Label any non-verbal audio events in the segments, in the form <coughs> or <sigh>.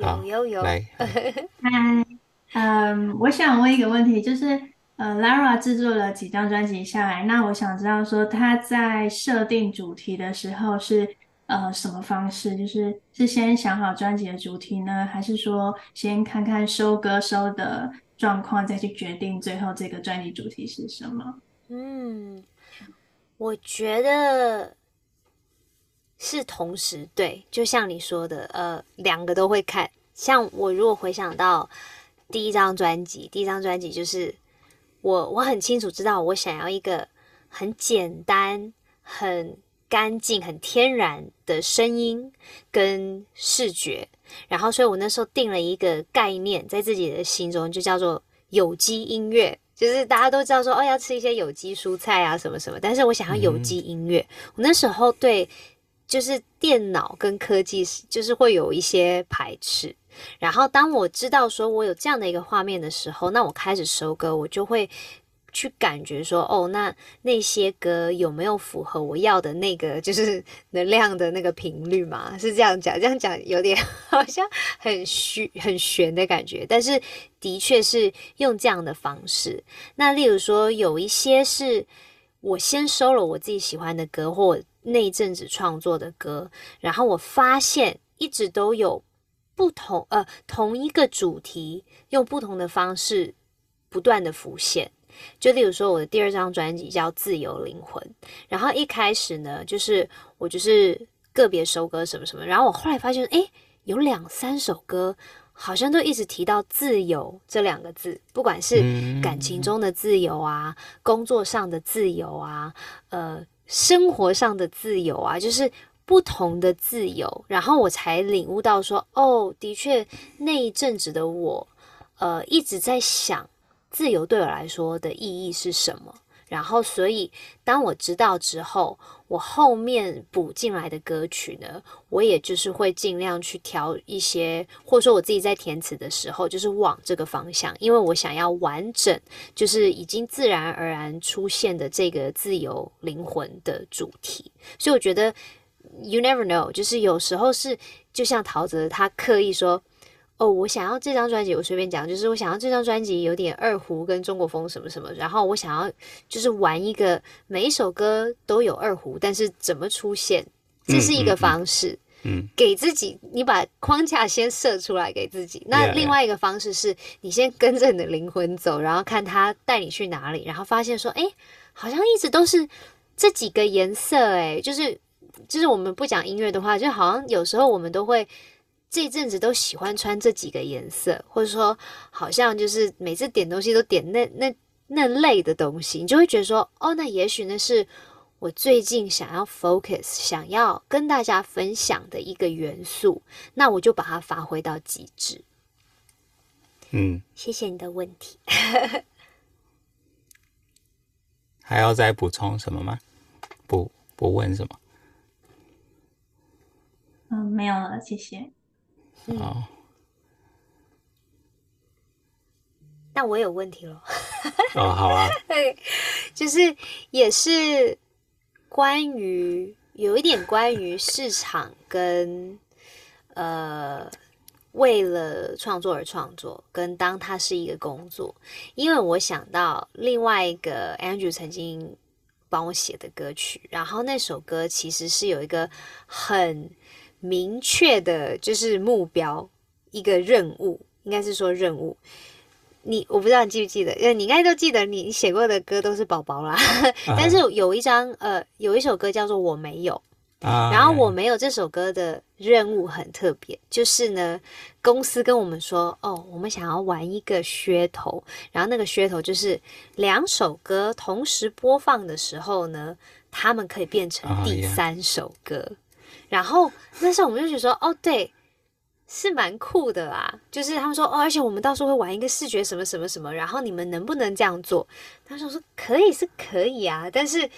有有、嗯、好有，嗨來、 <laughs> 呃，我想問一個問題，就是、呃、，Lara 製作了幾張專輯下來，那我想知道說，她在設定主題的時候是、呃、什麼方式？就是是先想好專輯的主題呢，還是說先看看收歌收的狀況，再去決定最後這個專輯主題是什麼？嗯，我覺得。是同時，對，就像你說的，呃，兩個都會看。像我如果回想到第一張專輯，第一張專輯就是我我很清楚知道我想要一個很簡單、很乾淨、很天然的聲音跟視覺。然後，所以我那時候定了一個概念，在自己的心中就叫做有機音樂。就是大家都知道說哦，要吃一些有機蔬菜啊什麼什麼，但是我想要有機音樂。嗯、我那時候，對。就是電腦跟科技是，就是會有一些排斥。然後當我知道說我有這樣的一個畫面的時候，那我開始收歌，我就會去感覺說，哦，那那些歌有沒有符合我要的那個，就是能量的那個頻率嘛？是這樣講？這樣講有點好像很虛、很玄的感覺。但是的確是用這樣的方式。那例如說，有一些是我先收了我自己喜歡的歌，或那陣子創作的歌，然後我發現一直都有不同，呃、同一個主題用不同的方式不斷的浮現。就例如說我的第二張專輯叫《自由靈魂》，然後一開始呢，就是我就是個別收歌什麼什麼，然後我後來發現，哎，有兩三首歌好像都一直提到“自由”這兩個字，不管是感情中的自由啊，工作上的自由啊，呃。生活上的自由啊，就是不同的自由，然後我才領悟到說，哦，的確那一陣子的我，呃，一直在想，自由對我來說的意義是什麼。然後，所以當我知道之後，我後面補進來的歌曲呢，我也就是會盡量去調一些，或者說我自己在填詞的時候，就是往這個方向，因為我想要完整，就是已經自然而然出現的這個自由靈魂的主題。所以我覺得，You never know，就是有時候是就像陶喆他刻意說。哦，我想要這張專輯。我隨便講，就是我想要這張專輯有點二胡跟中國風什麼什麼。然後我想要就是玩一個，每一首歌都有二胡，但是怎麼出現，這是一個方式。嗯嗯嗯、給自己，你把框架先設出來給自己。嗯、那另外一個方式是你先跟着你的靈魂走，然後看他帶你去哪裡，然後發現說，哎、欸，好像一直都是這幾個顏色、欸。哎，就是就是我們不講音樂的話，就好像有時候我們都會。這一陣子都喜歡穿這幾個顏色，或者說好像就是每次點東西都點那那那類的東西，你就會覺得說，哦，那也許那是我最近想要 focus、想要跟大家分享的一個元素，那我就把它發揮到極致。嗯，謝謝你的問題。 <laughs> 還要再補充什麼嗎？不不問什麼。嗯，沒有了，謝謝。哦、嗯，那我有問題了。 <laughs> 哦，好啊，就是也是關於有一點關於市場跟呃，為了創作而創作，跟當他是一個工作，因為我想到另外一個 Andrew 曾經幫我寫的歌曲，然後那首歌其實是有一個很。明確的，就是目標一個任務，應該是說任務。你我不知道你記不記得，呃，你應該都記得，你寫過的歌都是寶寶啦。 <laughs> 但是有一張，uh huh. 呃，有一首歌叫做《我沒有》。Uh huh. 然後《我沒有》這首歌的任務很特別，就是呢，公司跟我們說，哦，我們想要玩一個噱頭，然後那個噱頭就是兩首歌同時播放的時候呢，他們可以變成第三首歌。Uh huh. 然後那時候我們就覺得說，哦，對，是蠻酷的啦。就是他們說，哦，而且我們到時候會玩一個視覺什麼什麼什麼，然後你們能不能這樣做？他說說可以是可以啊，但是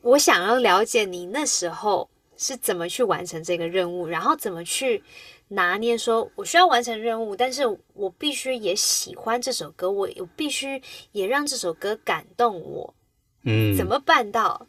我想要了解你那時候是怎麼去完成這個任務，然後怎麼去拿捏，說我需要完成任務，但是我必須也喜歡這首歌，我我必須也讓這首歌感動我，嗯，怎麼辦到？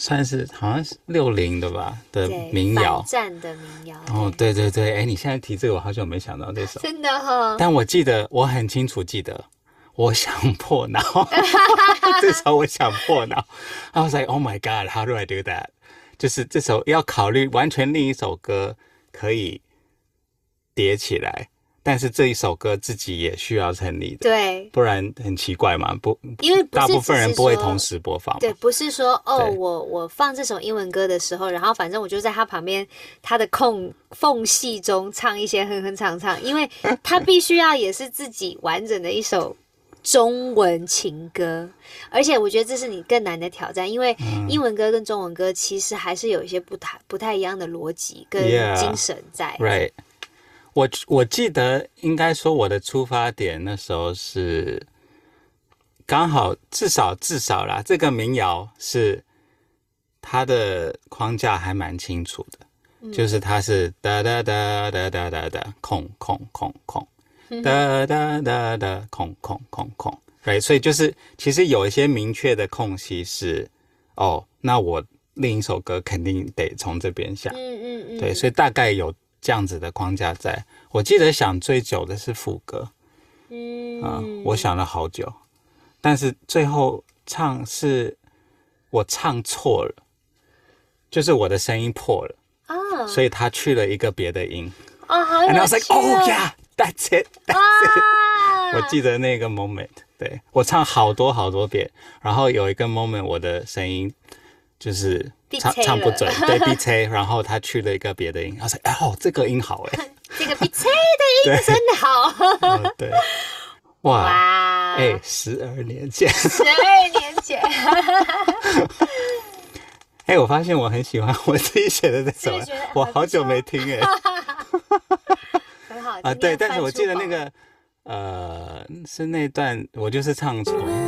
算是好像是六零的吧的民謠，反戰的民謠。哦，對對對，哎，你現在提這個，我好久沒想到這首，真的哈、哦。但我記得我很清楚記得，我想破腦，這 <laughs> 首我想破腦。 <laughs> I was like, oh my god, how do I do that？就是這首要考慮完全另一首歌可以疊起來。但是這一首歌自己也需要成立的，對，不然很奇怪嘛。不，因為是是大部分人不會同時播放。對，不是說對哦，我我放這首英文歌的時候，然後反正我就在他旁邊，他的空縫隙中唱一些哼哼唱唱，因為他必須要也是自己完整的一首中文情歌。 <laughs> 而且我覺得這是你更難的挑戰，因為英文歌跟中文歌其實還是有一些不太不太一樣的邏輯跟精神在。Yeah, right. 我我記得，應該說我的出發點那時候是剛好至少至少啦，這個民謠是它的框架還蠻清楚的，就是它是噠噠噠噠噠噠噠空空空空噠噠噠噠空空空空，對，所以就是其實有一些明確的空隙是哦，那我另一首歌肯定得從這邊下，嗯嗯嗯， <noise> 對，所以大概有。這樣子的框架在，在我記得想最久的是副歌，嗯，啊、嗯，我想了好久，但是最後唱是我唱錯了，就是我的聲音破了啊，哦、所以他去了一個別的音、哦、好有趣啊、And I was like 哦 yeah that's it that's it、啊、我記得那個 moment，對，我唱好多好多遍，然後有一個 moment 我的聲音就是。唱，唱不準，了對，B C， <laughs> 然後他去了一個別的音，他說、欸：“哦，這個音好哎，這個 B C 的音真的好。哦”對，哇，哎哇，十二、欸、年前，十 <laughs> 二年前，哎 <laughs> 、欸，我發現我很喜歡我自己寫的這首歌，我好久沒聽哎，很 <laughs> 好啊，對，但是我記得那個， <laughs> 呃，是那段我就是唱錯。嗯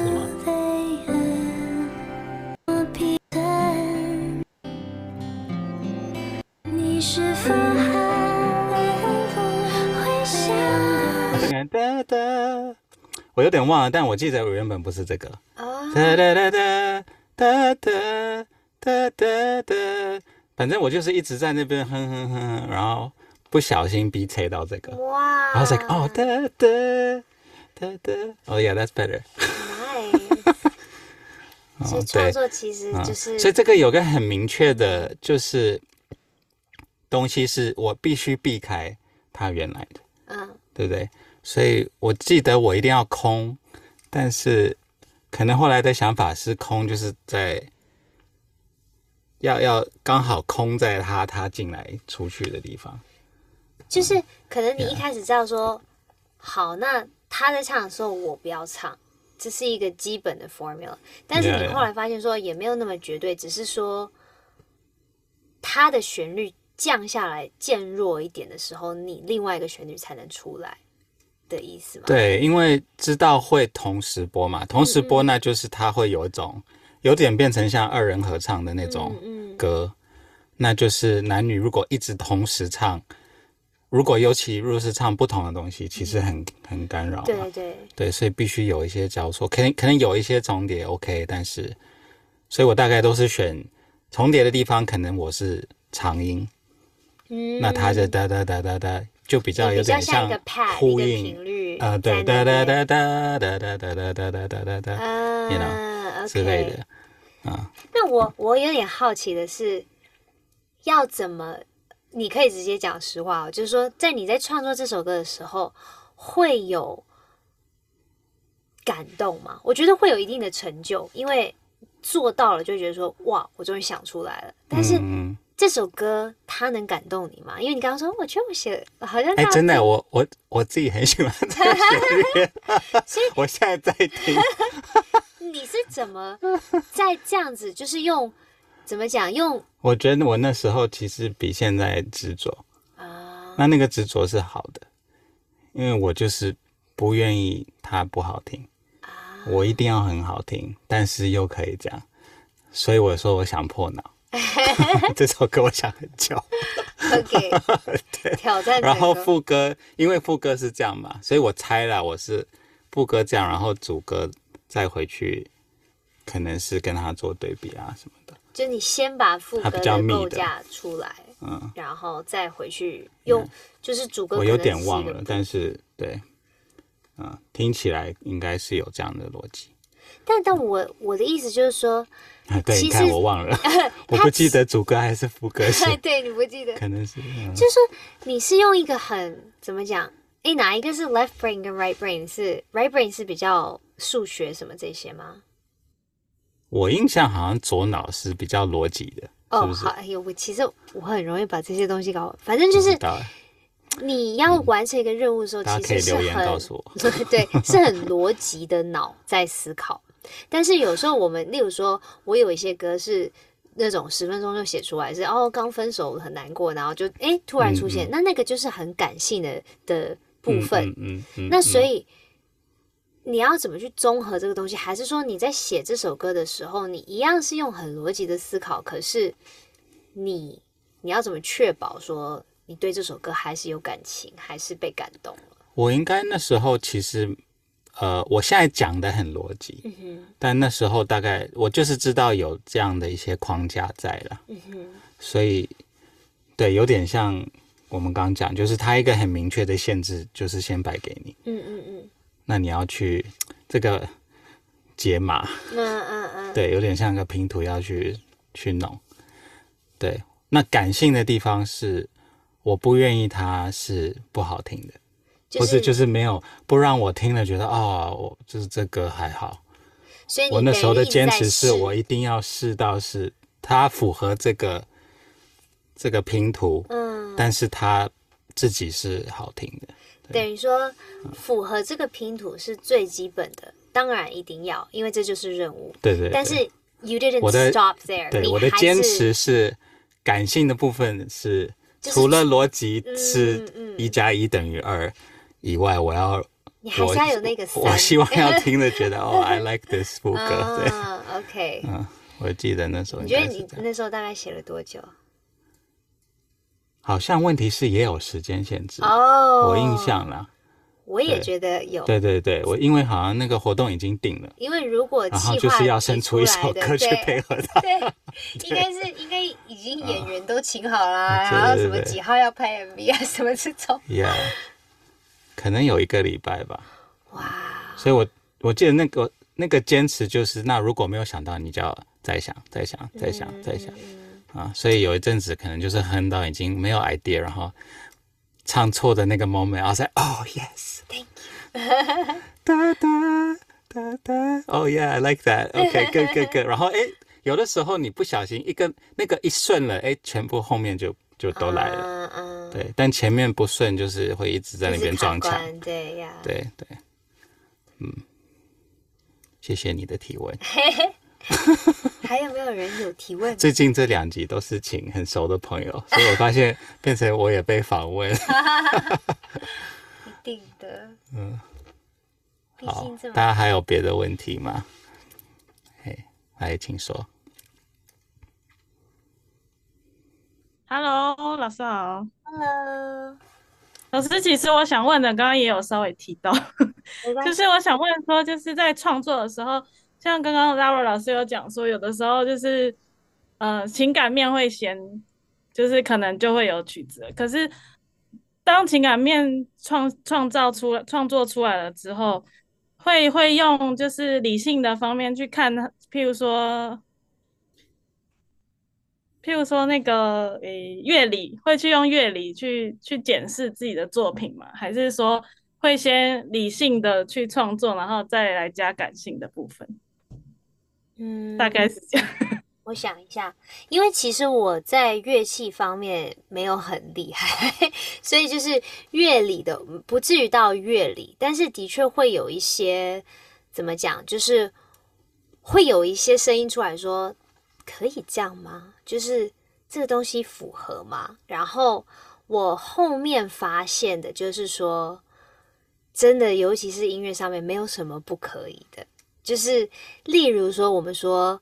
我有點忘了，但我記得我原本不是這個。Oh. 噠噠噠噠噠噠噠噠噠，反正我就是一直在那邊哼哼哼哼，然後不小心逼踩到這個。哇 Wow.！I was like，哦、oh, 噠噠噠噠，噠，噠，噠，噠，Oh yeah，that's better Nice. <laughs> 哦。哎，創作其實就是……所以這個有個很明確的，就是東西是我必須避開它原來的，嗯，oh. 對不對？所以我記得我一定要空，但是可能後來的想法是空，就是在要要剛好空在他他進來出去的地方，就是可能你一開始知道說 Yeah. 好，那他在唱的時候我不要唱，這是一個基本的 formula。但是你後來發現說也沒有那麼絕對，Yeah. 只是說他的旋律降下來漸弱一點的時候，你另外一個旋律才能出來。的意思。對，因為知道會同時播嘛，同時播，那就是他會有一種嗯嗯有點變成像二人合唱的那種歌，嗯嗯那就是男女如果一直同時唱，如果尤其若是唱不同的東西，其實很、嗯、很干擾嘛。對對對，所以必須有一些交錯，可能可能有一些重疊 OK，但是所以我大概都是選重疊的地方，可能我是長音，嗯、那他就噠噠噠噠噠。就比較有點像，pad，像一個 pad，呼應一個頻率啊，對，噠噠噠噠噠噠噠噠噠噠噠噠，嗯，OK，之類的啊。那我我有點好奇的是，要怎麼？你可以直接講實話哦，就是說，在你在創作這首歌的時候，會有感動嗎？我覺得會有一定的成就，因為做到了就會覺得說，哇，我終於想出來了。但是，嗯這首歌它能感動你嗎？因為你剛剛說，我覺得我寫好像哎，真的，我我我自己很喜歡這首歌， <laughs> 是我現在在聽。 <laughs> <laughs> 你是怎麼在這樣子，就是用怎麼講？用我覺得我那時候其實比現在執着啊，那那個執着是好的，因為我就是不願意它不好聽啊，我一定要很好聽，但是又可以這樣。所以我說我想破腦。 <laughs> 這首歌我想很久 <laughs> ，OK， <laughs> 對，挑戰。然後副歌，因為副歌是這樣嘛，所以我猜了，我是副歌這樣，然後主歌再回去，可能是跟他做對比啊什麼的。就是你先把副歌的構架出來，嗯，然後再回去用，嗯、就是主歌，是歌。我有點忘了，但是對，嗯，聽起來應該是有這樣的邏輯。但但我我的意思就是說。啊，對，實你看我忘了，呃、我不記得主歌還是副歌、呃。對，你不記得，可能是。嗯、就是說，你是用一個很怎麼講？哎，哪一個是 left brain 跟 right brain？是 right brain 是比較數學什麼這些嗎？我印象好像左腦是比較邏輯的，哦，oh, 好，哎呦，我其實我很容易把這些東西搞，反正就是，你要完成一個任務的時候，其實、嗯、大家可以留言告訴我，對，是很邏輯的腦在思考。 <laughs> 但是有時候我們，例如說，我有一些歌是那種十分鐘就寫出來是，是哦剛分手很難過，然後就誒突然出現，嗯嗯、那那個就是很感性的的部分。嗯。嗯嗯嗯，那所以你要怎麼去綜合這個東西？還是說你在寫這首歌的時候，你一樣是用很邏輯的思考？可是你你要怎麼確保說你對這首歌還是有感情，還是被感動了？我應該那時候其實。呃，我現在講的很邏輯，嗯、哼但那時候大概我就是知道有這樣的一些框架在了，嗯、哼所以對，有點像我們剛講，就是他一個很明確的限制，就是先擺給你，嗯嗯嗯，那你要去這個解碼，嗯嗯嗯，對，有點像個拼圖要去去弄，對，那感性的地方是我不願意它是不好聽的。不、就是，是就是沒有不讓我聽了覺得啊、哦，我就是這歌還好。所以你我那時候的堅持是我一定要試到是它符合這個這個拼圖，嗯，但是它自己是好聽的。對。等於說符合這個拼圖是最基本的，當然一定要，因為這就是任務。對，對對。但是我的 you didn't stop there。對，我的堅持是感性的部分是、就是、除了邏輯是一加一等於二。以外，我要，你還是要有那個，我希望要聽的，覺得哦，I like this 副歌，嗯，OK，嗯，我記得那時候，你覺得你那時候大概寫了多久？好像問題是也有時間限制哦，我印象了，我也覺得有，對對對，我因為好像那個活動已經定了，因為如果然後就是要生出一首歌去配合它，對，應該是應該已經演員都請好了，然後什麼幾號要拍 MV 啊，什麼這種可能有一個禮拜吧，哇！Wow. 所以我，我我記得那個那個堅持就是，那如果沒有想到，你就要再想、再想、再想、再想 yeah, yeah, yeah. 啊！所以有一陣子可能就是哼到已經沒有 idea，然後唱錯的那個 moment，我說哦、like, oh,，yes，thank you， <laughs> 噠噠噠噠，噠，噠，oh yeah，I like that，OK，good，good，good、okay, good。Good. <laughs> 然後哎，有的時候你不小心一個那個一順了，哎，全部後面就就都來了。對，但前面不順，就是會一直在那邊撞牆。對啊。對，對。嗯，謝謝你的提問。 <laughs> 還有沒有人有提問？最近這兩集都是請很熟的朋友， <laughs> 所以我發現變成我也被訪問。 <laughs> <laughs> 一定的。嗯。好，大家還有別的問題嗎？嘿，來，請說。Hello，老師好。Hello，老師，其實我想問的，剛剛也有稍微提到， <laughs> 就是我想問說，就是在創作的時候，像剛剛 Lara 老師有講說，有的時候就是，呃、情感面會先，就是可能就會有曲子，可是當情感面創創造出創作出來了之後，會會用就是理性的方面去看，譬如說。譬如說，那個呃，樂理會去用樂理去去檢視自己的作品嗎？還是說會先理性的去創作，然後再來加感性的部分？嗯，大概是這樣。我想一下， <laughs> 因為其實我在樂器方面沒有很厲害，所以就是樂理的不至於到樂理，但是的確會有一些怎麼講，就是會有一些聲音出來說，可以這樣嗎？就是這個東西符合嗎？然後我後面發現的就是說，真的，尤其是音樂上面，沒有什麼不可以的。就是，例如說，我們說。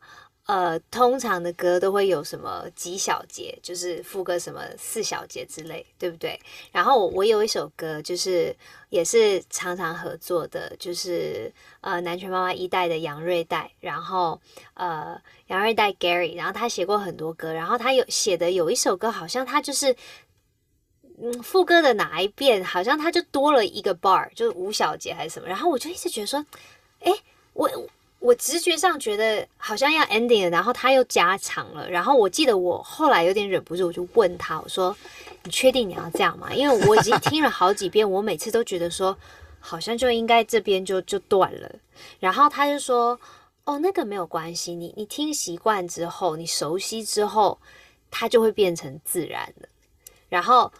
呃，通常的歌都會有什麼幾小節，就是副歌什麼四小節之類，對不對？然後我，我有一首歌，就是也是常常合作的，就是呃南拳媽媽一代的楊瑞代，然後呃楊瑞代 Gary，然後他寫過很多歌，然後他有寫的有一首歌，好像他就是嗯副歌的哪一遍，好像他就多了一個 bar，就是五小節還是什麼，然後我就一直覺得說，哎，我。我直覺上覺得好像要 ending 了，然後他又加長了，然後我記得我後來有點忍不住，我就問他，我說：“你確定你要這樣嗎？”因為我已經聽了好幾遍， <laughs> 我每次都覺得說好像就應該這邊就就斷了，然後他就說：“哦，那個沒有關係，你你聽習慣之後，你熟悉之後，它就會變成自然的。”然後。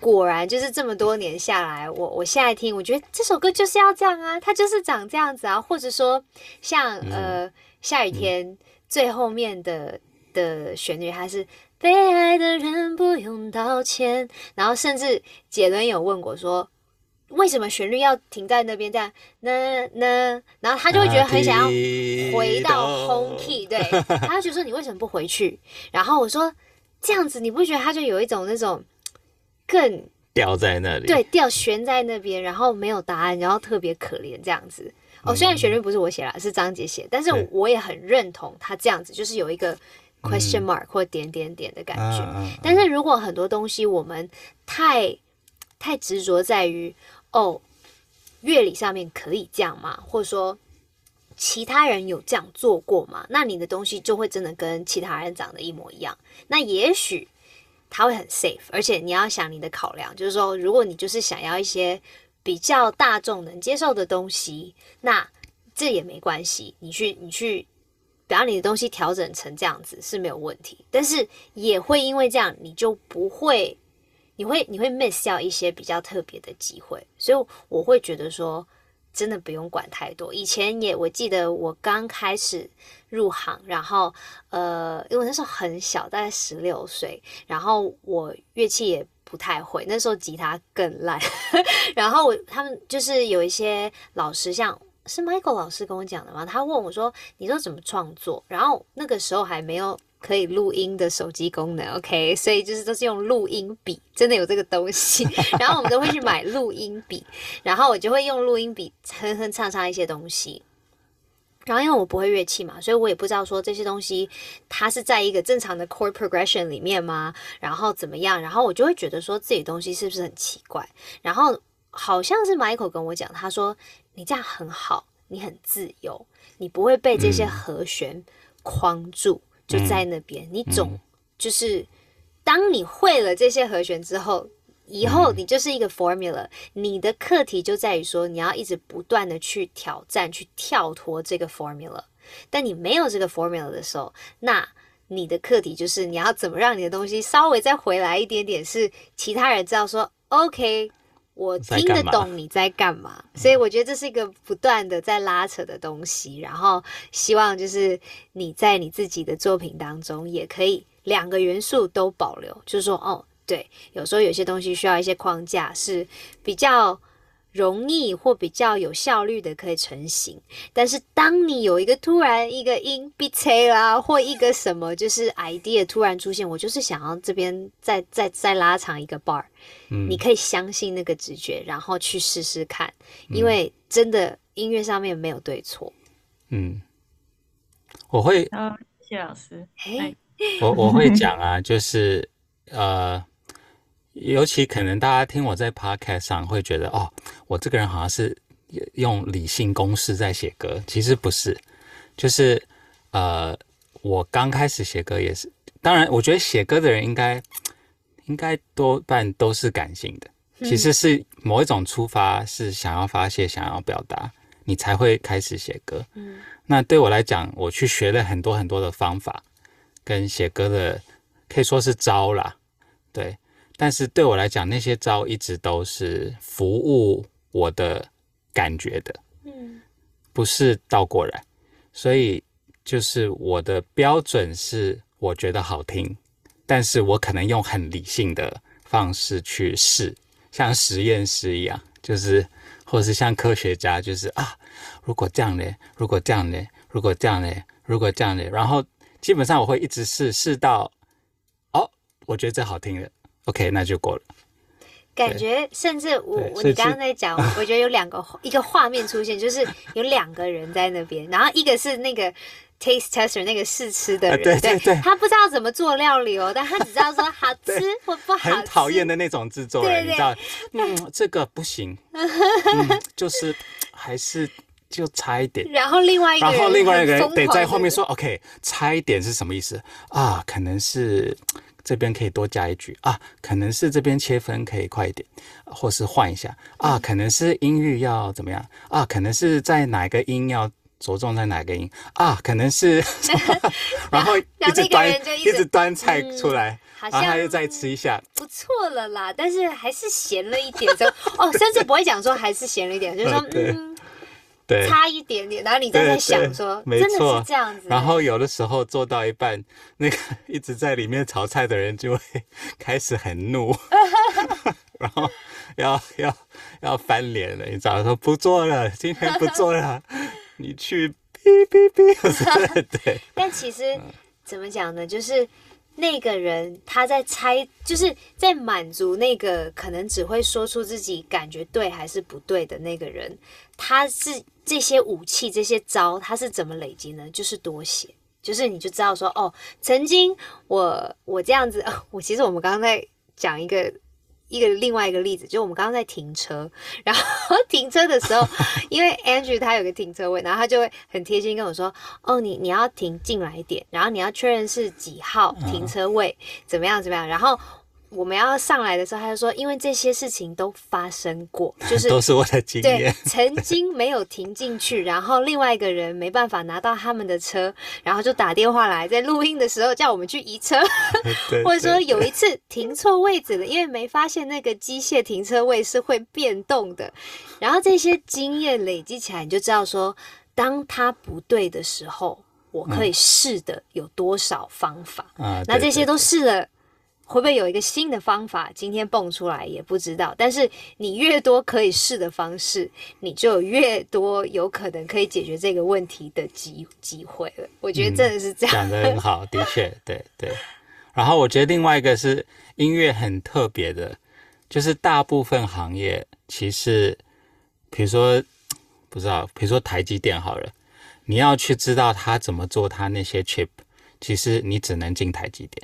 果然就是這麼多年下來，我我現在聽，我覺得這首歌就是要這樣啊，它就是長這樣子啊。或者說像，像、嗯、呃，下雨天最後面的、嗯、的旋律，還是被愛、嗯、的人不用道歉。然後甚至杰倫有問過說，為什麼旋律要停在那邊這樣呢呢、呃呃？然後他就會覺得很想要回到 home key，對，他就覺得說你為什麼不回去？ <laughs> 然後我說這樣子你不覺得他就有一種那種。更掉在那裡，對，掉懸在那邊，然後沒有答案，然後特別可憐這樣子。哦、喔，雖然旋律不是我寫啦，是張杰寫，但是我也很認同他這樣子，對就是有一個 question mark、嗯、或點點點的感覺。啊啊啊啊但是如果很多東西我們太太執着在於哦，喔、樂理上面可以這樣嗎？或者說，其他人有這樣做過嗎？那你的東西就會真的跟其他人長得一模一樣。那也許。他會很 safe，而且你要想你的考量，就是說，如果你就是想要一些比較大眾能接受的東西，那這也沒關係，你去你去把你的東西調整成這樣子是沒有問題，但是也會因為這樣，你就不會，你會你會 miss 掉一些比較特別的機會，所以我，我會覺得說，真的不用管太多。以前也，我記得我剛開始入行，然後呃，因為那時候很小，大概十六歲，然後我樂器也不太會，那時候吉他更爛。 <laughs> 然後我他們就是有一些老師像，像是 Michael 老師跟我講的嘛，他問我說：“你說怎麼創作？”然後那個時候還沒有。可以錄音的手機功能，OK？所以就是都是用錄音筆，真的有這個東西。 <laughs> 然後我們都會去買錄音筆，然後我就會用錄音筆哼哼唱唱一些東西。然後因為我不會樂器嘛，所以我也不知道說這些東西它是在一個正常的 chord progression 裡面嗎？然後怎麼樣？然後我就會覺得說自己的東西是不是很奇怪。然後好像是 Michael 跟我講，他說你這樣很好，你很自由，你不會被這些和弦框住。嗯就在那邊，你總、嗯、就是當你會了這些和弦之後，以後你就是一個 formula。你的課題就在於說，你要一直不斷的去挑戰，去跳脫這個 formula。但你沒有這個 formula 的時候，那你的課題就是你要怎麼讓你的東西稍微再回來一點點，是其他人知道說 OK。我聽得懂你在幹嘛，嘛所以我覺得這是一個不斷的在拉扯的東西。嗯，然後希望就是你在你自己的作品當中也可以兩個元素都保留，就是說哦，對，有時候有些東西需要一些框架是比較。容易或比較有效率的可以成型，但是當你有一個突然一個音 beat 啦、啊，或一個什麼就是 idea 突然出現，我就是想要這邊再再再拉長一個 bar，、嗯、你可以相信那個直覺，然後去試試看，因為真的音樂上面沒有對錯。嗯，我會、哦，謝謝老師。欸、唉我我會講啊， <laughs> 就是呃。尤其可能大家聽我在 Podcast 上會覺得哦，我這個人好像是用理性公式在寫歌，其實不是。就是呃，我剛開始寫歌也是，當然我覺得寫歌的人應該應該多半都是感性的，其實是某一種出發是想要發洩、想要表達，你才會開始寫歌。嗯，那對我來講，我去學了很多很多的方法，跟寫歌的，可以說是招啦，對。但是對我來講，那些招一直都是服務我的感覺的，嗯，不是倒過來，所以就是我的標準是我覺得好聽，但是我可能用很理性的方式去試，像實驗室一樣，就是，或是像科學家，就是啊，如果這樣呢？如果這樣呢？如果這樣呢？如果這樣呢？然後基本上我會一直試，試到哦，我覺得這好聽了。OK，那就過了。感覺甚至我我你剛剛在講，我覺得有兩個一個畫面出現，就是有兩個人在那邊，然後一個是那個 taste tester 那個試吃的人，對對對，他不知道怎麼做料理哦，但他只知道說好吃或不好，很討厭的那種制作人，你知道？嗯，這個不行，嗯，就是還是就差一點。然後另外一個然後另外一個人得在後面說 OK，差一點是什麼意思啊？可能是。這邊可以多加一句啊，可能是這邊切分可以快一點，或是換一下啊，可能是音域要怎麼樣啊，可能是在哪個音要着重在哪個音啊，可能是，然後一直端 <laughs> 那就一直，一直端菜出來，嗯、好像然後他又再吃一下，不錯了啦，但是還是鹹了一點之後，就 <laughs> 對 哦，甚至不會講說，還是鹹了一點， <laughs> 對 就是說嗯。對差一點點，然後你正在，在想說，對對真的是這樣子，啊。然後有的時候做到一半，那個一直在裡面炒菜的人就會開始很怒， <laughs> 然後要要要翻臉了，你早上說不做了，今天不做了， <laughs> 你去嗶嗶嗶，對。 <laughs> 但其實怎麼講呢？就是。那個人他在猜，就是在滿足那個可能只會說出自己感覺對還是不對的那個人。他是這些武器、這些招，他是怎麼累積呢？就是多寫，就是你就知道說，哦，曾經我我這樣子，我、哦、其實我們剛剛在講一個。一個另外一個例子，就我們剛剛在停車，然後停車的時候， <laughs> 因為 Andrew 他有個停車位，然後他就會很貼心跟我說：“哦，你你要停進來一點，然後你要確認是幾號停車位，怎麼樣怎麼樣。”然後。我們要上來的時候，他就說：“因為這些事情都發生過，就是都是我的經驗。曾經沒有停進去，然後另外一個人沒辦法拿到他們的車，然後就打電話來，在錄音的時候叫我們去移車，對對，或者說有一次停錯位置了，因為沒發現那個機械停車位是會變動的。然後這些經驗累積起來，你就知道說，當它不對的時候，我可以試的有多少方法。那這些都試了。”會不會有一個新的方法？今天蹦出來也不知道。但是你越多可以試的方式，你就有越多有可能可以解決這個問題的機機會了。我覺得真的是這樣、嗯、講得很好， <laughs> 的確，對對。然後我覺得另外一個是音樂很特別的，就是大部分行業其實，比如說不知道，比如說台積電好了，你要去知道他怎麼做他那些 chip，其實你只能進台積電。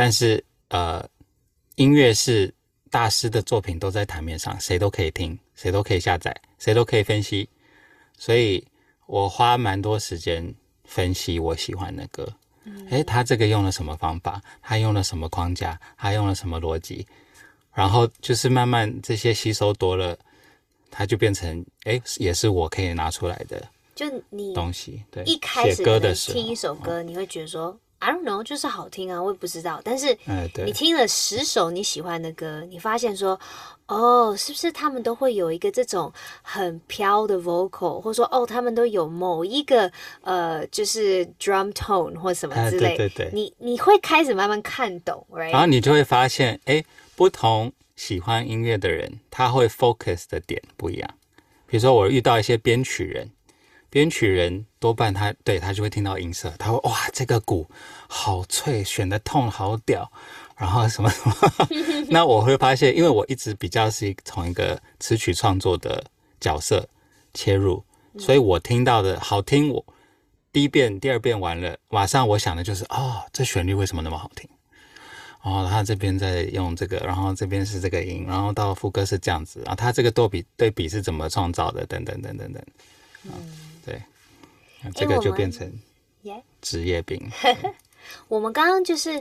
但是，呃，音樂是大師的作品，都在台面上，誰都可以聽，誰都可以下載，誰都可以分析。所以我花蠻多時間分析我喜歡的歌。嗯、誒，他這個用了什麼方法？他用了什麼框架？他用了什麼邏輯？然後就是慢慢這些吸收多了，他就變成誒，也是我可以拿出來的。就你東西對，一開始聽一首歌，你會覺得說。I don't know，就是好聽啊，我也不知道。但是你聽了十首你喜歡的歌，呃、你發現說，哦，是不是他們都會有一個這種很飄的 vocal，或者說哦，他們都有某一個呃，就是 drum tone 或什麼之類。呃、對對對。你你會開始慢慢看懂，right? 然後你就會發現，哎，不同喜歡音樂的人，他會 focus 的點不一樣。比如說，我遇到一些編曲人。編曲人多半他對他就會聽到音色，他說哇這個鼓好脆，選的 tone，好屌，然後什麼什麼。 <laughs> <laughs> 那我會發現，因為我一直比較是從一個詞曲創作的角色切入，所以我聽到的好聽我，我第一遍、第二遍完了，馬上我想的就是哦，這旋律為什麼那麼好聽？哦，他這邊在用這個，然後這邊是這個音，然後到副歌是這樣子，然後他這個多比對比是怎麼創造的？等等等等等,等。嗯。這個就變成職業病。我們剛剛就是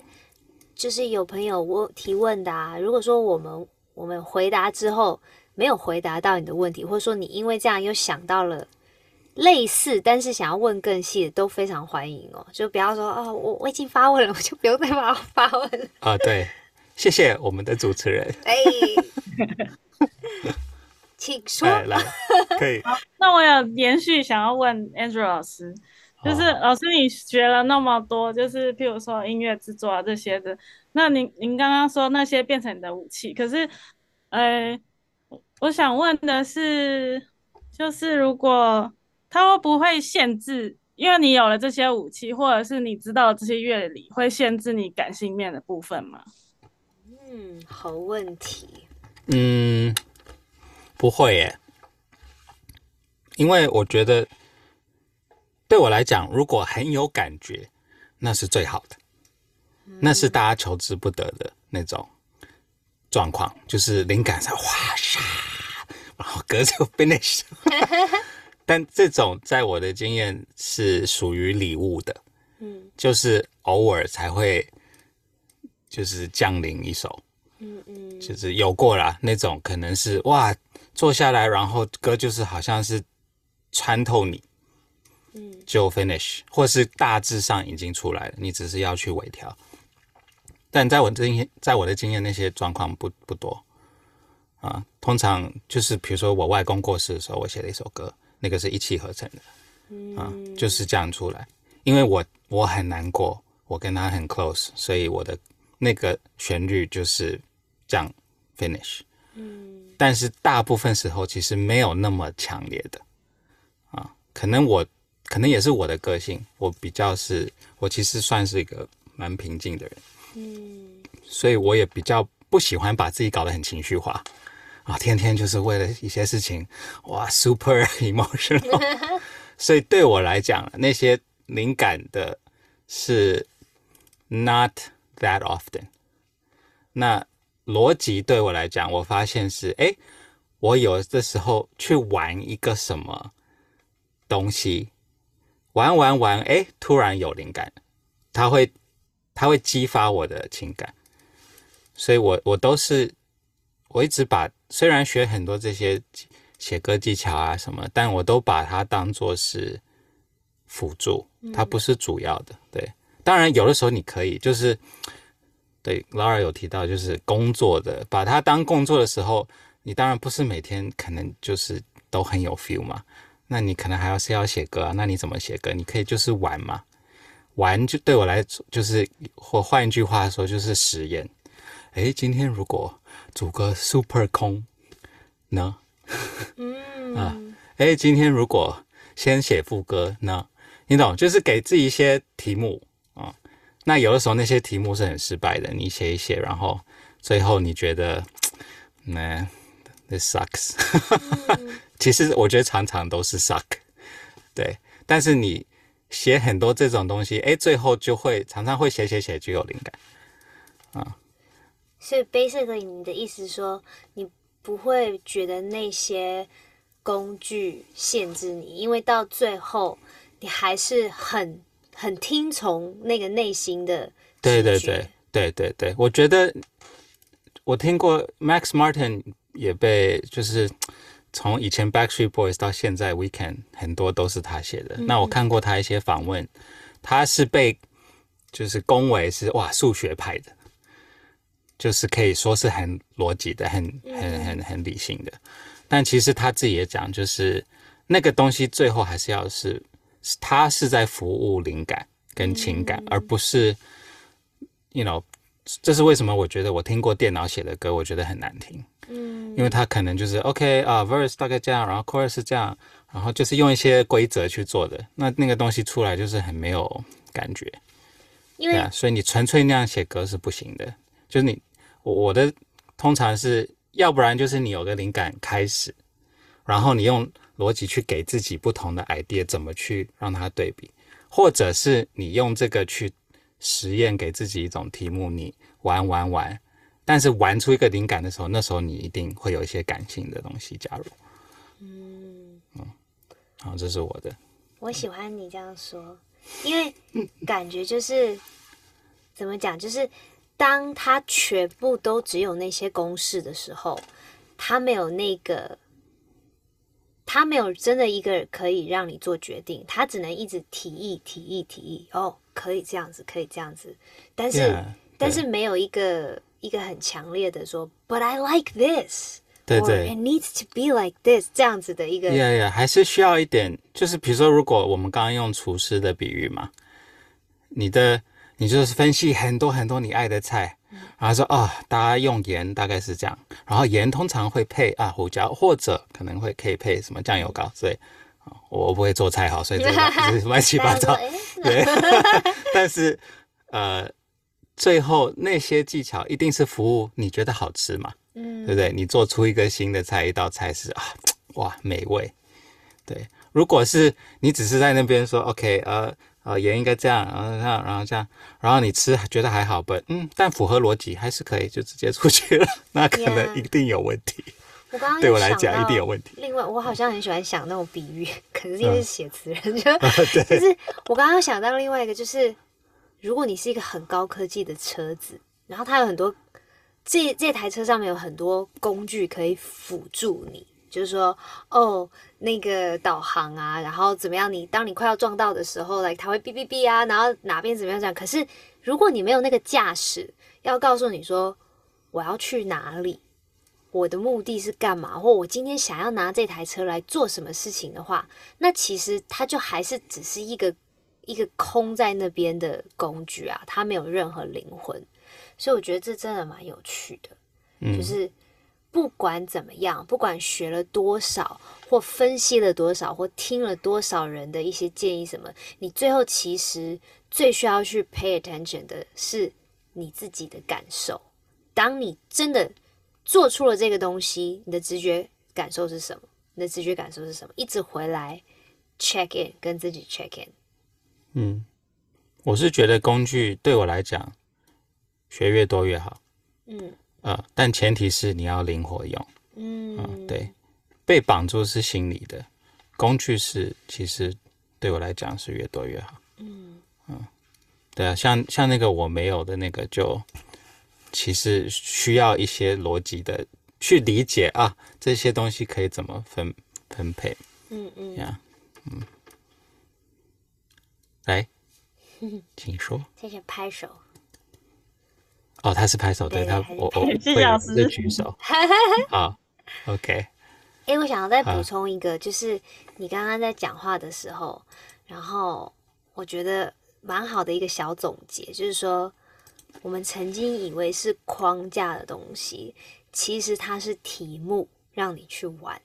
就是有朋友問提問的啊，如果說我們我們回答之後沒有回答到你的問題，或者說你因為這樣又想到了類似，但是想要問更細的，都非常歡迎哦。就不要說啊、哦，我我已經發問了，我就不用再我發問了啊、哦。對，謝謝我們的主持人。哎、欸。 <laughs> <laughs> 請說，可以。 <laughs> 好，那我有連續想要問 Andrew 老師，就是老師，你學了那麼多，就是譬如說音樂製作這些的，那您您剛剛說那些變成你的武器，可是，呃，我想問的是，就是如果他會不會限制？因為你有了這些武器，或者是你知道這些樂理，會限制你感性面的部分嗎？嗯，好問題。嗯。不會耶。因為我覺得對我來講，如果很有感覺，那是最好的，那是大家求之不得的那種狀況，嗯、就是靈感上哇，殺，然後隔著個 finish。 <laughs> 但這種在我的經驗是屬於禮物的，嗯、就是偶爾才會，就是降臨一首，嗯嗯，就是有過了、啊、那種，可能是哇。坐下來，然後歌就是好像是穿透你，嗯、就 finish，或是大致上已經出來了，你只是要去微調。但在我在我的經驗，經驗那些狀況不不多，啊，通常就是比如說我外公過世的時候，我寫了一首歌，那個是一氣呵成的，嗯、啊，就是這樣出來，因為我我很難過，我跟他很 close，所以我的那個旋律就是這樣 finish，嗯。但是大部分時候其實沒有那麼強烈的啊，可能我可能也是我的個性，我比較是，我其實算是一個蠻平靜的人，嗯，所以我也比較不喜歡把自己搞得很情緒化啊，天天就是為了一些事情，哇，super emotional， <laughs> 所以對我來講，那些靈感的是 not that often，那。邏輯對我來講，我發現是哎，我有的時候去玩一個什麼東西，玩玩玩，哎，突然有靈感，它會，它會激發我的情感，所以我我都是，我一直把雖然學很多這些寫歌技巧啊什麼，但我都把它當做是輔助，它不是主要的。嗯、對，當然有的時候你可以就是。對 Lara 有提到，就是工作的，把它當工作的時候，你當然不是每天可能就是都很有 feel 嘛。那你可能還要是要寫歌，啊，那你怎麼寫歌？你可以就是玩嘛，玩就對我來說就是，或換一句話說就是實驗。誒，今天如果主歌 super 空呢？ <laughs> 嗯啊，誒，今天如果先寫副歌呢？你懂，就是給自己一些題目。那有的時候那些題目是很失敗的，你寫一寫，然後最後你覺得，那、ah,，this sucks。 <laughs> 其實我覺得常常都是 suck，對。但是你寫很多這種東西，哎，最後就會常常會寫寫寫就有靈感，啊、嗯。所以 basically，你的意思說你不會覺得那些工具限制你，因為到最後你還是很。很聽從那個內心的，對對對對對對，我覺得我聽過 Max Martin 也被就是從以前 Backstreet Boys 到現在 Weekend 很多都是他寫的。嗯嗯，那我看過他一些訪問，他是被就是恭維是哇數學派的，就是可以說是很邏輯的、很很很很理性的。但其實他自己也講，就是那個東西最後還是要是。他是在服務靈感跟情感，嗯、而不是，you know，這是為什麼？我覺得我聽過電腦寫的歌，我覺得很難聽，嗯，因為他可能就是 OK 啊、uh，verse 大概這樣，然後 chorus 這樣，然後就是用一些規則去做的，那那個東西出來就是很沒有感覺，因為啊，所以你純粹那樣寫歌是不行的，就是你我的通常是，要不然就是你有個靈感開始，然後你用。邏輯去給自己不同的 idea，怎麼去讓它對比，或者是你用這個去實驗，給自己一種題目，你玩玩玩，但是玩出一個靈感的時候，那時候你一定會有一些感性的東西加入。嗯嗯，好，這是我的。我喜歡你這樣說，嗯，因為感覺就是怎麼講，就是當他全部都只有那些公式的時候，他沒有那個。他沒有真的一個可以讓你做決定，他只能一直提議、提議、提議。哦，可以這樣子，可以這樣子，但是 yeah, 但是沒有一個對一個很強烈的說，But I like this，對對 or，It needs to be like this，這樣子的一個，Yeah, yeah，還是需要一點，就是比如說，如果我們剛剛用廚師的比喻嘛，你的你就是分析很多很多你愛的菜。然後說啊、哦，大家用鹽大概是這樣，然後鹽通常會配啊胡椒，或者可能會可以配什麼醬油膏。所以我不會做菜哈，所以這個不是亂七八糟。 <laughs> 對， <laughs> 但是呃，最後那些技巧一定是服務你覺得好吃嘛？嗯、對不對？你做出一個新的菜，一道菜是啊，哇，美味。對，如果是你只是在那邊說 OK 呃。啊，也應該這樣，然後這樣然後這樣，然後你吃覺得還好吧？嗯，但符合邏輯還是可以，就直接出去了，那可能一定有問題。我剛剛對我來講一定有問題。另外，我好像很喜歡想那種比喻，嗯、可是因為是寫詞人。嗯、呵呵，就是我剛剛想到另外一個，就是如果你是一個很高科技的車子，然後它有很多，這這台車上面有很多工具可以輔助你。就是說，哦，那個導航啊，然後怎麼樣？你當你快要撞到的時候，來、like, 它會嗶嗶嗶啊，然後哪邊怎麼樣這樣？可是如果你沒有那個駕駛，要告訴你說我要去哪裡，我的目的是幹嘛，或我今天想要拿這台車來做什麼事情的話，那其實它就還是只是一個一個空在那邊的工具啊，它沒有任何靈魂，所以我覺得這真的蠻有趣的，就是、嗯。不管怎麼樣，不管學了多少，或分析了多少，或聽了多少人的一些建議什麼，你最後其實最需要去 pay attention 的是你自己的感受。當你真的做出了這個東西，你的直覺感受是什麼？你的直覺感受是什麼？一直回來 check in，跟自己 check in。嗯，我是覺得工具對我來講，學越多越好。嗯。啊、呃，但前提是你要靈活用，嗯，啊、呃，對，被綁住是心理的，工具是其實對我來講是越多越好，嗯嗯，對啊、呃，像像那個我沒有的那個就其實需要一些邏輯的去理解啊，這些東西可以怎麼分分配，嗯嗯，呀，嗯，來， <laughs> 請說，謝謝拍手。哦，他是拍手，對他我我會舉手。好，OK。哎，我想要再補充一個，就是你剛剛在講話的時候，然後我覺得蠻好的一個小總結，就是說我們曾經以為是框架的東西，其實它是題目，讓你去玩。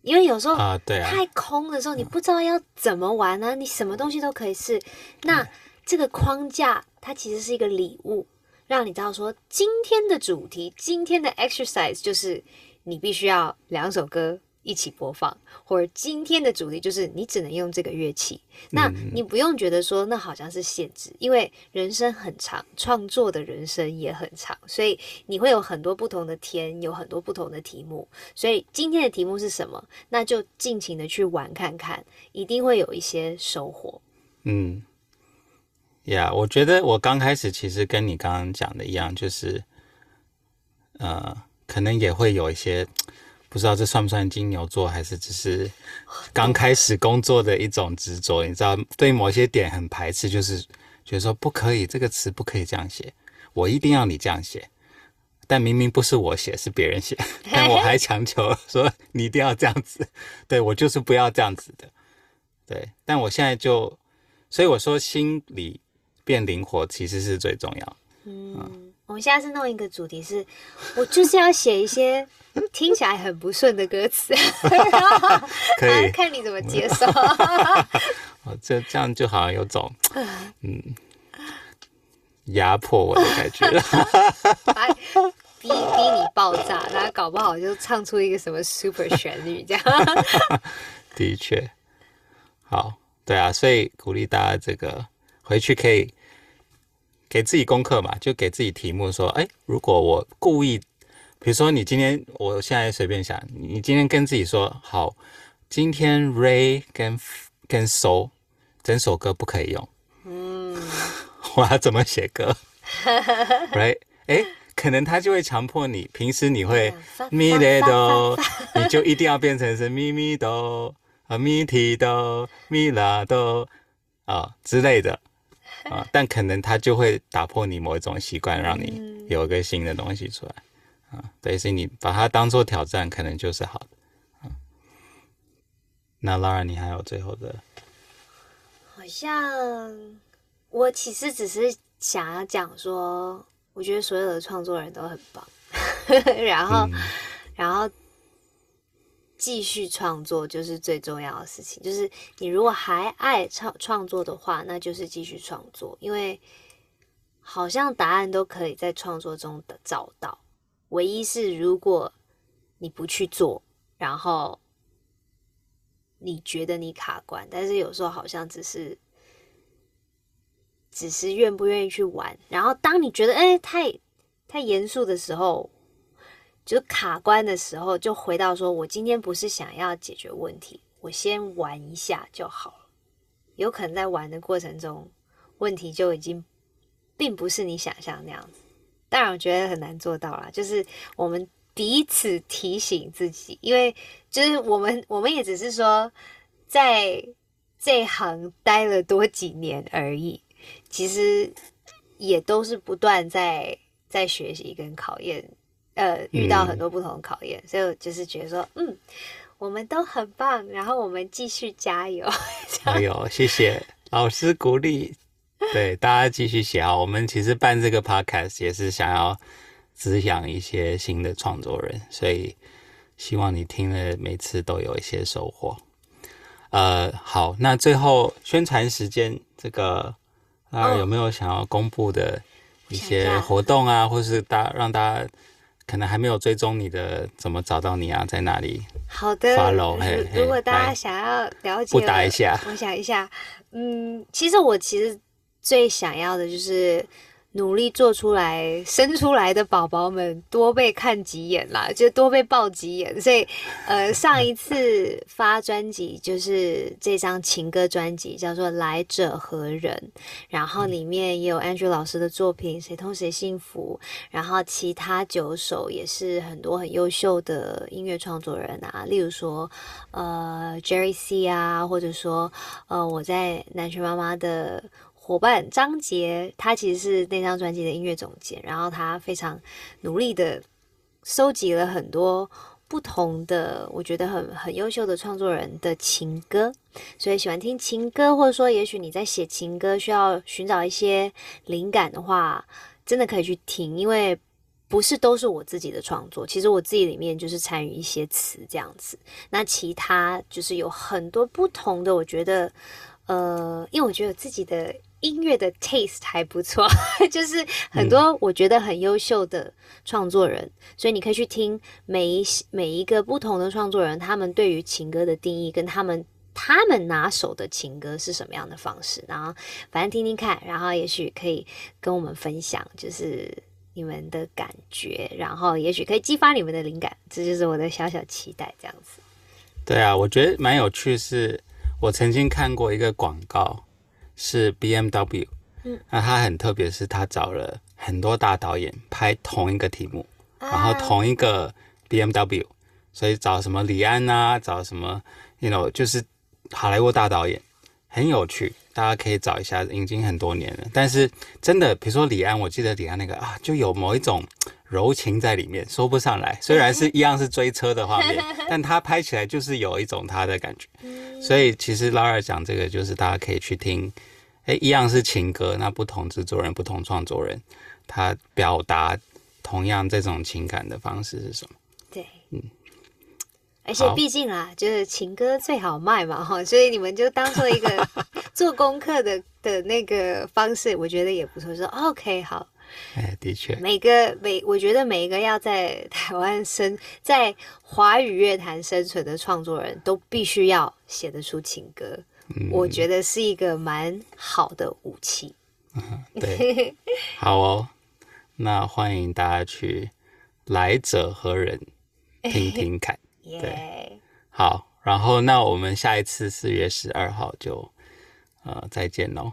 因為有時候啊，對啊，太空的時候你不知道要怎麼玩呢？你什麼東西都可以試。那這個框架，它其實是一個禮物。讓你知道說，今天的主題，今天的 exercise 就是你必須要兩首歌一起播放，或者今天的主題就是你只能用這個樂器。那你不用覺得說那好像是限制，嗯哼。因為人生很長，創作的人生也很長，所以你會有很多不同的天，有很多不同的題目。所以今天的題目是什麼？那就盡情的去玩看看，一定會有一些收穫。嗯。呀，yeah, 我覺得我剛開始其實跟你剛剛講的一樣，就是，呃，可能也會有一些，不知道這算不算金牛座，還是只是剛開始工作的一種執着，你知道，對某些點很排斥，就是覺得說不可以，這個詞不可以這樣寫，我一定要你這樣寫，但明明不是我寫，是別人寫，但我還強求說你一定要這樣子，對，我就是不要這樣子的，對，但我現在就，所以我說心裡。變靈活其實是最重要。嗯，嗯，我們現在是弄一個主題是，是我就是要寫一些、 <laughs> 嗯、聽起來很不順的歌詞 <laughs> 可以，啊，看你怎麼接受。這 <laughs> 這樣就好像有種 <coughs> 嗯，壓迫我的感覺， <laughs> <laughs> 把逼逼你爆炸，大家搞不好就唱出一個什麼 super 旋律這樣。 <laughs> 的確，好，對啊，所以鼓勵大家這個。回去可以給自己功課嘛？就給自己題目說：哎、欸，如果我故意，比如說你今天，我現在隨便想，你今天跟自己說好，今天 Re 跟 f, 跟 So 整首歌不可以用，嗯， <laughs> 我要怎麼寫歌 <laughs> ？Right？哎、欸，可能他就會強迫你，平時你會咪來哆，你就一定要變成是咪咪哆啊咪提哆咪拉哆啊之類的。啊，但可能它就會打破你某一種習慣，讓你有一個新的東西出來、嗯、啊對。所以你把它當做挑戰，可能就是好的。啊、那 Lara，你還有最後的？好像我其實只是想要講說，我覺得所有的創作人都很棒， <laughs> 然後，嗯、然後。繼續創作就是最重要的事情。就是你如果還愛創創作的話，那就是繼續創作。因為好像答案都可以在創作中找到。唯一是，如果你不去做，然後你覺得你卡關，但是有時候好像只是只是願不願意去玩。然後當你覺得哎、欸，太太嚴肅的時候。就卡關的時候，就回到說：“我今天不是想要解決問題，我先玩一下就好了。有可能在玩的過程中，問題就已經並不是你想象那樣子。當然，我覺得很難做到啦，就是我們彼此提醒自己，因為就是我們我們也只是說在這行待了多幾年而已，其實也都是不斷在在學習跟考驗。”呃，遇到很多不同的考驗，嗯、所以我就是覺得說，嗯，我們都很棒，然後我們繼續加油。加油。哎，謝謝老師鼓勵。 <laughs> 對，大家繼續寫好。我們其實辦這個 podcast 也是想要滋養一些新的創作人，所以希望你聽了每次都有一些收穫。呃，好，那最後宣傳時間，這個啊，有沒有想要公布的一些活動啊，哦、或是大讓大家。可能還沒有追蹤你的，怎麼找到你啊？在哪裡？好的，Follow, 如果大家想要了解，不打一下，我想一下，嗯，其實我其實最想要的就是。努力做出來生出來的寶寶們多被看幾眼啦，就多被抱幾眼。所以，呃，上一次發專輯就是這張情歌專輯，叫做《來者何人》，然後裡面也有 Andrew 老師的作品《誰痛誰幸福》，然後其他九首也是很多很優秀的音樂創作人啊，例如說呃 Jerry C 啊，或者說呃我在南拳媽媽的。夥伴張杰，他其實是那張專輯的音樂總監，然後他非常努力的收集了很多不同的，我覺得很很優秀的創作人的情歌，所以喜歡聽情歌，或者說也許你在寫情歌需要尋找一些靈感的話，真的可以去聽，因為不是都是我自己的創作，其實我自己裡面就是參與一些詞這樣子，那其他就是有很多不同的，我覺得，呃，因為我覺得自己的。音樂的 taste 還不錯， <laughs> 就是很多我覺得很優秀的創作人，嗯。所以你可以去聽每一每一個不同的創作人，他們對於情歌的定義跟他們他們拿手的情歌是什麼樣的方式，然後反正聽聽看，然後也許可以跟我們分享，就是你們的感覺，然後也許可以激發你們的靈感，這就是我的小小期待，這樣子。對啊，我覺得蠻有趣是，是我曾經看過一個廣告。是 B M W，嗯，那他很特別，是他找了很多大導演拍同一個題目，嗯、然後同一個 B M W，所以找什麼李安啊，找什麼，you know 就是好萊塢大導演，很有趣，大家可以找一下，已經很多年了，但是真的，比如說李安，我記得李安那個啊，就有某一種。柔情在裡面說不上來，雖然是一樣是追車的畫面， <laughs> 但他拍起來就是有一種他的感覺。 <laughs> 所以其實 Lara 講這個，就是大家可以去聽，哎、欸，一樣是情歌，那不同制作人、不同創作人，他表達同樣這種情感的方式是什麼？對，嗯，而且畢竟啊，就是情歌最好賣嘛，哈， <laughs> 所以你們就當做一個做功課的的那個方式， <laughs> 我覺得也不錯。說 OK，好。哎，的確，每個每我覺得每一個要在台灣生在華語樂壇生存的創作人都必須要寫得出情歌，嗯、我覺得是一個蠻好的武器、嗯。對，好哦， <laughs> 那歡迎大家去《來者何人》聽聽看。 <laughs> Yeah. 對，好，然後那我們下一次四月十二號就呃再見嘍。